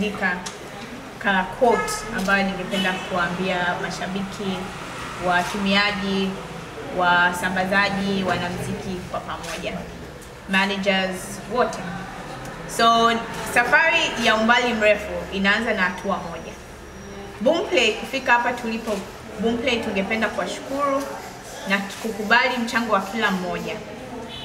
nimeandika ka quote ambayo ningependa kuambia mashabiki, watumiaji, wasambazaji, wanamziki kwa pamoja, managers wote. So safari ya umbali mrefu inaanza na hatua moja. Boomplay kufika hapa tulipo Boomplay, tungependa kuwashukuru na kukubali mchango wa kila mmoja,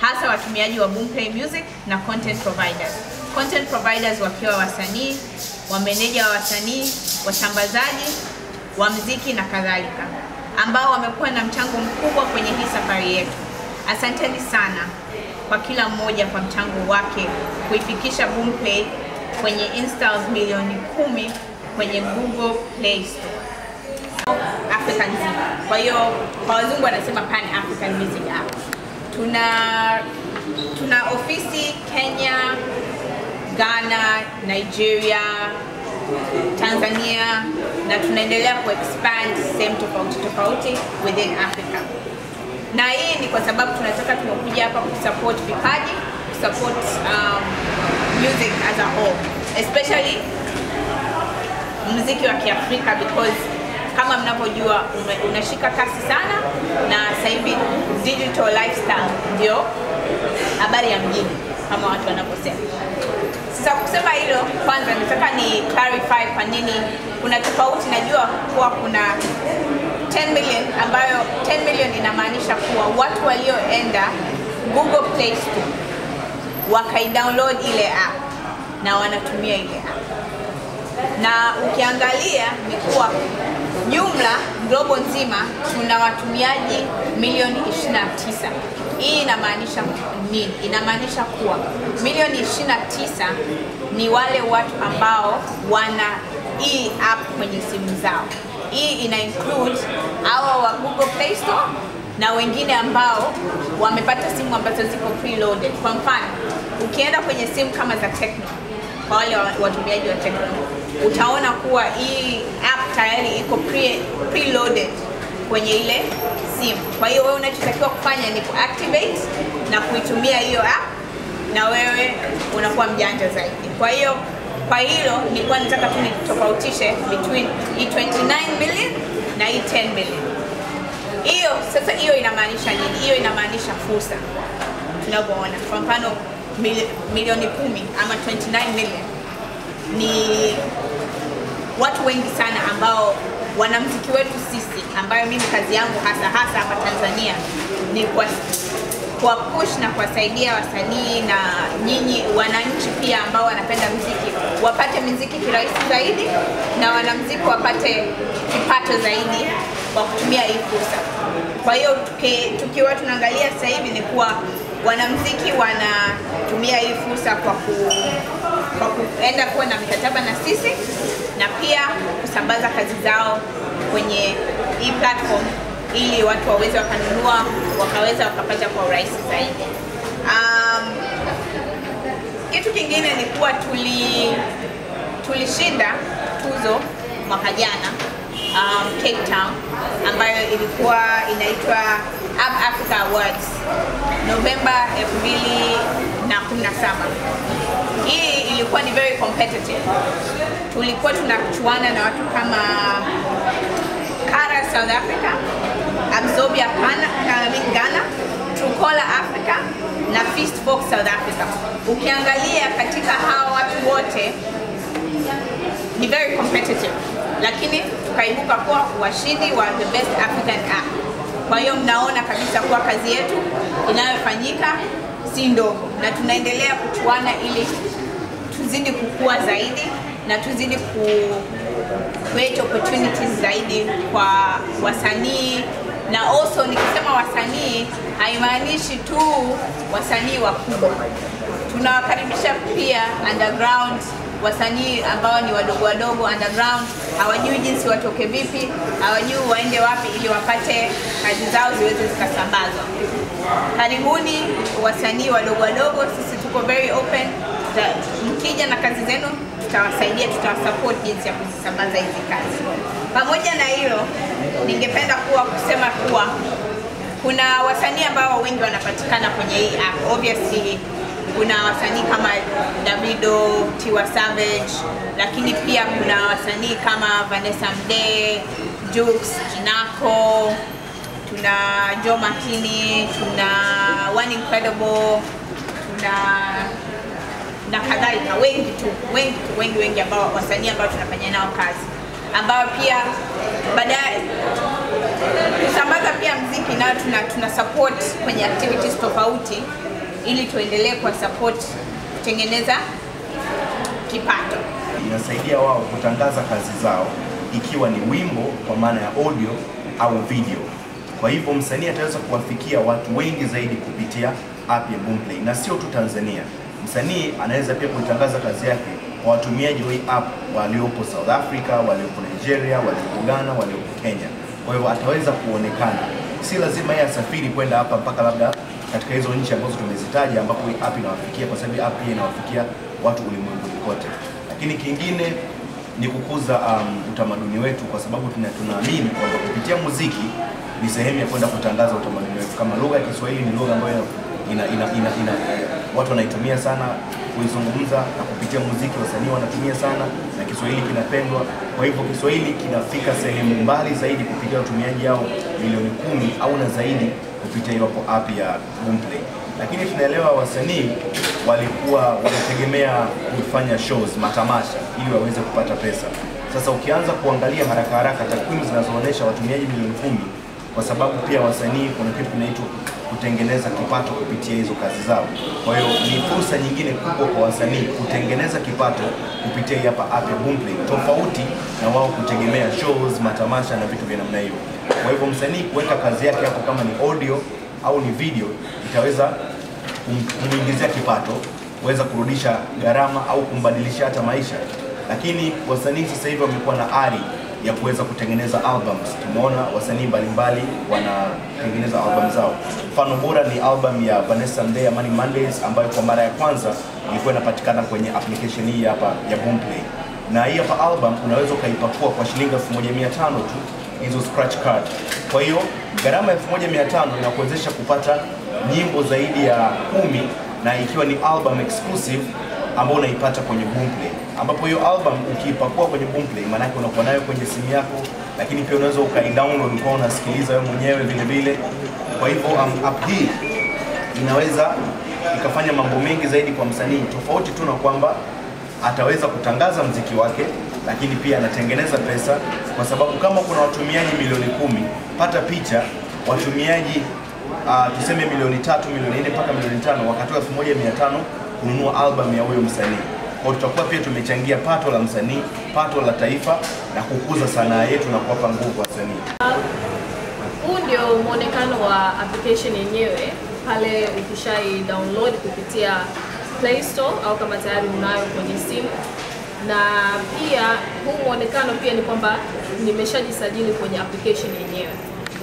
hasa watumiaji wa Boomplay Music na content providers content providers wakiwa wasanii, wameneja wa wasanii, wasambazaji wa mziki na kadhalika, ambao wamekuwa na mchango mkubwa kwenye hii safari yetu. Asanteni sana kwa kila mmoja kwa mchango wake kuifikisha Boomplay kwenye installs milioni kumi kwenye Google Play Store. Africa nzima. Kwa hiyo kwa wazungu wanasema pan African music app. Tuna tuna ofisi Kenya, Ghana, Nigeria, Tanzania na tunaendelea kuexpand sehemu tofauti tofauti within Africa. Na hii ni kwa sababu tunataka tumekuja hapa kusupport vipaji, kusupport um, music as a whole, especially muziki wa Kiafrika because kama mnavyojua unashika kasi sana, na sasa hivi digital lifestyle ndio habari ya mjini kama watu wanavyosema. Sasa kusema hilo, kwanza nataka ni clarify kwa nini kuna tofauti. Najua kuwa kuna 10 million ambayo 10 million inamaanisha kuwa watu walioenda Google Play Store wakaidownload ile app na wanatumia ile app, na ukiangalia kuwa jumla globo nzima tuna watumiaji milioni 29 hii inamaanisha nini? Inamaanisha kuwa milioni 29 ni wale watu ambao wana hii app kwenye simu zao. Hii ina include hawa wa Google Play Store na wengine ambao wamepata simu ambazo ziko preloaded. Kwa mfano, ukienda kwenye simu kama za Tecno, kwa wale watumiaji wa Tecno, utaona kuwa hii app tayari iko pre, preloaded kwenye ile simu. Kwa hiyo wewe unachotakiwa kufanya ni kuactivate na kuitumia hiyo app, na wewe unakuwa mjanja zaidi. Kwa hiyo kwa hilo nilikuwa nataka tu nitofautishe between hii 29 million na hii 10 million. Hiyo sasa, hiyo inamaanisha nini? Hiyo inamaanisha fursa tunavyoona, kwa mfano milioni kumi ama 29 million ni watu wengi sana ambao wanamziki wetu sisi, ambayo mimi kazi yangu hasa hasa hapa Tanzania ni kwa kwa push na kuwasaidia wasanii na nyinyi wananchi pia ambao wanapenda mziki wapate mziki kirahisi zaidi na wanamziki wapate kipato zaidi kwa kutumia hii fursa. Kwa hiyo tukiwa tunaangalia sasa hivi ni kuwa wanamziki wanatumia hii fursa kwa ku kwa kuenda kuwa na mikataba na sisi na pia kusambaza kazi zao kwenye hii platform ili watu waweze wakanunua wakaweza wakapata kwa urahisi zaidi. Um, kitu kingine ni kuwa tuli tulishinda tuzo mwaka jana um, Cape Town ambayo ilikuwa inaitwa Africa Awards Novemba 2017 hii ilikuwa ni very competitive. Tulikuwa tunachuana na watu kama Kara South Africa, Absorbia Ghana, Trucola Africa na Fist Box South Africa. Ukiangalia katika hawa watu wote ni very competitive, lakini tukaibuka kuwa washindi wa the best African app. Kwa hiyo mnaona kabisa kuwa kazi yetu inayofanyika si ndogo, na tunaendelea kuchuana ili tuzidi kukua zaidi na tuzidi ku create opportunities zaidi kwa wasanii na also nikisema wasanii haimaanishi tu wasanii wakubwa, tunawakaribisha pia underground wasanii ambao ni wadogo wadogo underground hawajui jinsi watoke vipi, hawajui waende wapi ili wapate kazi zao ziweze zikasambazwa. Karibuni wasanii wadogo wadogo, sisi tuko very open. Mkija na kazi zenu, tutawasaidia, tutawasupport jinsi ya kuzisambaza hizi kazi. Pamoja na hilo, ningependa kuwa kusema kuwa kuna wasanii ambao wengi wanapatikana kwenye hii app obviously kuna wasanii kama Davido, Tiwa Savage, lakini pia kuna wasanii kama Vanessa Mdee, Jux, Kinako, tuna Joe Makini, tuna One Incredible, tuna na kadhalika, wengi tu, wengi tu, wengi wengi ambao wasanii ambao tunafanya nao kazi ambao pia baadaye kusambaza pia mziki na tuna, tuna support kwenye activities tofauti ili tuendelee kwa support kutengeneza kipato. Inasaidia wao kutangaza kazi zao ikiwa ni wimbo kwa maana ya audio au video. Kwa hivyo msanii ataweza kuwafikia watu wengi zaidi kupitia app ya Boomplay, na sio tu Tanzania. Msanii anaweza pia kuitangaza kazi yake kwa watumiaji wa app waliopo South Africa, waliopo Nigeria, waliopo Ghana, waliopo Kenya. Kwa hivyo ataweza kuonekana, si lazima yeye asafiri kwenda hapa mpaka labda katika hizo nchi ambazo tumezitaja, ambapo app inawafikia, kwa sababu app inawafikia watu ulimwenguni kote. Lakini kingine ni kukuza um, utamaduni wetu, kwa sababu tunaamini kwamba kupitia muziki ni sehemu ya kwenda kutangaza utamaduni wetu. Kama lugha ya Kiswahili ni lugha ambayo ina, ina, ina, ina, watu wanaitumia sana kuizungumza na kupitia muziki wasanii wanatumia sana na Kiswahili kinapendwa. Kwa hivyo Kiswahili kinafika sehemu mbali zaidi kupitia watumiaji hao milioni kumi au na zaidi kupitia hiyo app ya Boomplay, lakini tunaelewa wasanii walikuwa wanategemea kufanya shows, matamasha ili waweze kupata pesa. Sasa ukianza kuangalia haraka haraka takwimu zinazoonyesha watumiaji milioni kumi, kwa sababu pia wasanii kuna kitu kinaitwa kutengeneza kipato kupitia hizo kazi zao. Kwa hiyo ni fursa nyingine kubwa kwa wasanii kutengeneza kipato kupitia hapa app ya Boomplay, tofauti na wao kutegemea shows, matamasha na vitu vya namna hiyo. Kwa hivyo msanii kuweka kazi yake hapo, kama ni audio au ni video, itaweza kumuingizia kipato, kuweza kurudisha gharama au kumbadilisha hata maisha. Lakini wasanii sasa hivi wamekuwa na ari ya kuweza kutengeneza albums. Tumeona wasanii mbalimbali wanatengeneza albums zao. Mfano bora ni album ya Vanessa Mdee Money Mondays ambayo kwa mara ya kwanza ilikuwa inapatikana kwenye application hii hapa ya Boomplay, na hii hapa album unaweza ukaipakua kwa shilingi 1500 tu hizo scratch card. Kwa hiyo gharama 1500 inakuwezesha kupata nyimbo zaidi ya kumi na ikiwa ni album exclusive ambayo unaipata kwenye Boomplay, ambapo hiyo album ukiipakua kwenye Boomplay, yake unakuwa nayo kwenye simu yako, lakini pia unaweza ukaidownload ukawa unasikiliza wewe mwenyewe vile vile. Kwa hivyo um, app hii inaweza ikafanya mambo mengi zaidi kwa msanii, tofauti tu na kwamba ataweza kutangaza mziki wake lakini pia anatengeneza pesa, kwa sababu kama kuna watumiaji milioni kumi, pata picha watumiaji uh, tuseme milioni tatu, milioni nne mpaka milioni tano wakatoa elfu moja mia tano kununua album ya huyo msanii. Kwa tutakuwa pia tumechangia pato la msanii, pato la taifa na kukuza sanaa yetu na kuwapa nguvu wasanii. Huu uh, ndio mwonekano wa application yenyewe pale ukishai download kupitia Play Store au kama tayari unayo kwenye simu na pia huu mwonekano pia ni kwamba nimeshajisajili kwenye application yenyewe.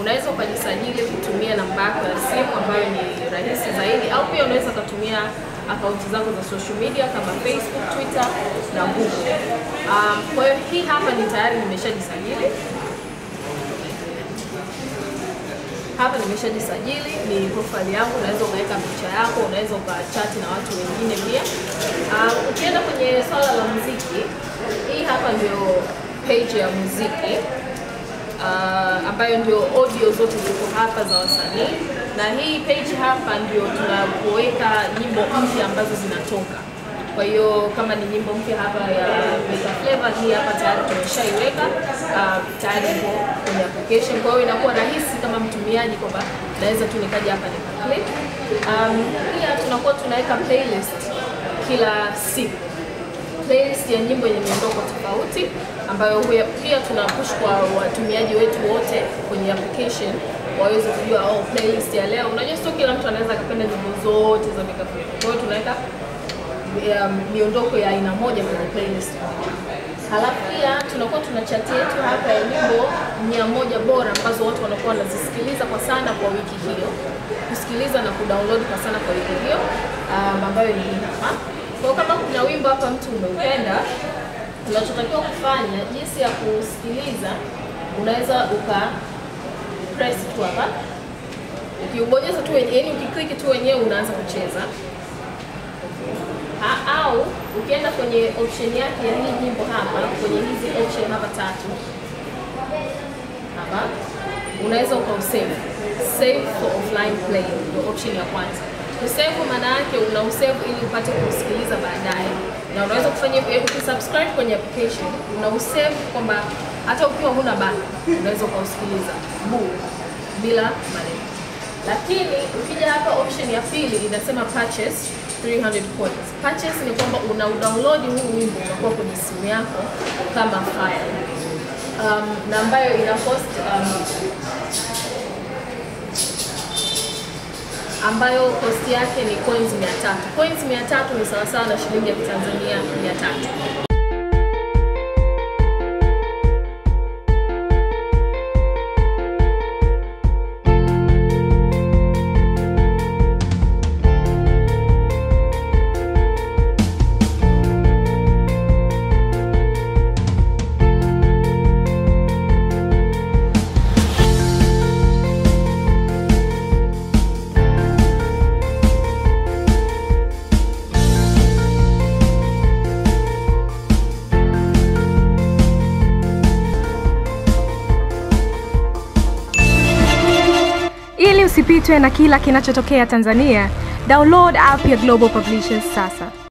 Unaweza ukajisajili kutumia namba yako ya simu ambayo ni rahisi zaidi, au pia unaweza ukatumia akaunti zako za social media kama Facebook, Twitter na Google. Um, kwa hiyo hii hapa ni tayari nimeshajisajili hapa nimeshajisajili, ni profile yangu, unaweza ukaweka picha yako, unaweza ukachati na watu wengine pia. Uh, ukienda kwenye swala la muziki, hii hapa ndio page ya muziki uh, ambayo ndio audio zote ziko hapa za wasanii, na hii page hapa ndio tunapoweka nyimbo mpya ambazo zinatoka. Kwa hiyo kama ni nyimbo mpya hapa ya Mr. Flavor, hii hapa tayari tumeshaiweka ah, tayari ipo kwenye application. Kwa hiyo inakuwa rahisi kama mtumiaji kwamba naweza tu nikaja hapa nika click. Um, pia tunakuwa tunaweka playlist kila siku playlist ya nyimbo yenye miondoko tofauti ambayo huya, pia tunapush kwa watumiaji wetu wote kwenye application waweze kujua oh, playlist ya leo. Unajua sio kila mtu anaweza akapenda nyimbo zote za Mika Kwa hiyo tunaweka Um, miondoko ya aina moja kwenye playlist Halafu pia tunakuwa tuna chati yetu hapa ya nyimbo mia moja bora ambazo watu wanakuwa wanazisikiliza kwa sana kwa wiki hiyo, kusikiliza na kudownload kwa sana kwa wiki hiyo um, ambayo ni hapa. Kwa kama kuna wimbo hapa mtu umeupenda, unachotakiwa kufanya, jinsi ya kusikiliza, unaweza uka press tu hapa, ukiubonyeza tu, yani ukiklik tu wenyewe unaanza kucheza au ukienda kwenye option yake ya hii nyimbo hapa, kwenye hizi option hapa tatu hapa, unaweza ukausave save for offline play, ndio option ya kwanza. Kusave maana yake usave ili upate kusikiliza baadaye, na unaweza kufanya eh, ukisubscribe kwenye application usave kwamba hata ukiwa huna bana unaweza ukausikiliza bu bila malipo. Lakini ukija hapa option ya pili inasema purchase 300 points. Purchase ni kwamba una download huu wimbo unakuwa kwenye simu yako kama file. Um, na ambayo ina cost um, ambayo cost yake ni coins 300. Coins 300 ni sawa sawa na shilingi ya Tanzania 300. upitwe na kila kinachotokea Tanzania, download app ya Global Publishers sasa.